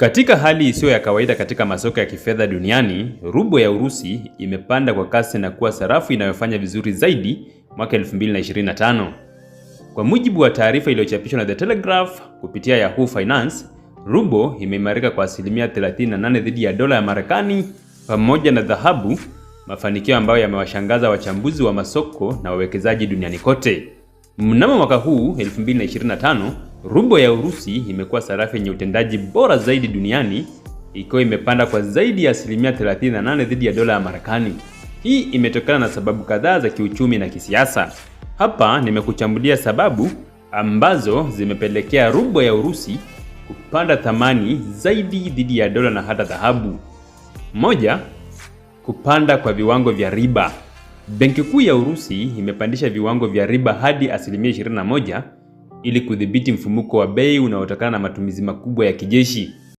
Katika hali isiyo ya kawaida katika masoko ya kifedha duniani, rubo ya Urusi imepanda kwa kasi na kuwa sarafu inayofanya vizuri zaidi mwaka 2025. Kwa mujibu wa taarifa iliyochapishwa na The Telegraph kupitia Yahoo Finance, rubo imeimarika kwa asilimia 38 dhidi ya dola ya Marekani pamoja na dhahabu, mafanikio ambayo yamewashangaza wachambuzi wa masoko na wawekezaji duniani kote. Mnamo mwaka huu 2025 rubo ya Urusi imekuwa sarafu yenye utendaji bora zaidi duniani ikiwa imepanda kwa zaidi ya asilimia 38 dhidi ya dola ya Marekani. Hii imetokana na sababu kadhaa za kiuchumi na kisiasa. Hapa nimekuchambulia sababu ambazo zimepelekea rubo ya Urusi kupanda thamani zaidi dhidi ya dola na hata dhahabu. Moja, kupanda kwa viwango vya riba. Benki Kuu ya Urusi imepandisha viwango vya riba hadi asilimia 21 ili kudhibiti mfumuko wa bei unaotokana na matumizi makubwa ya kijeshi.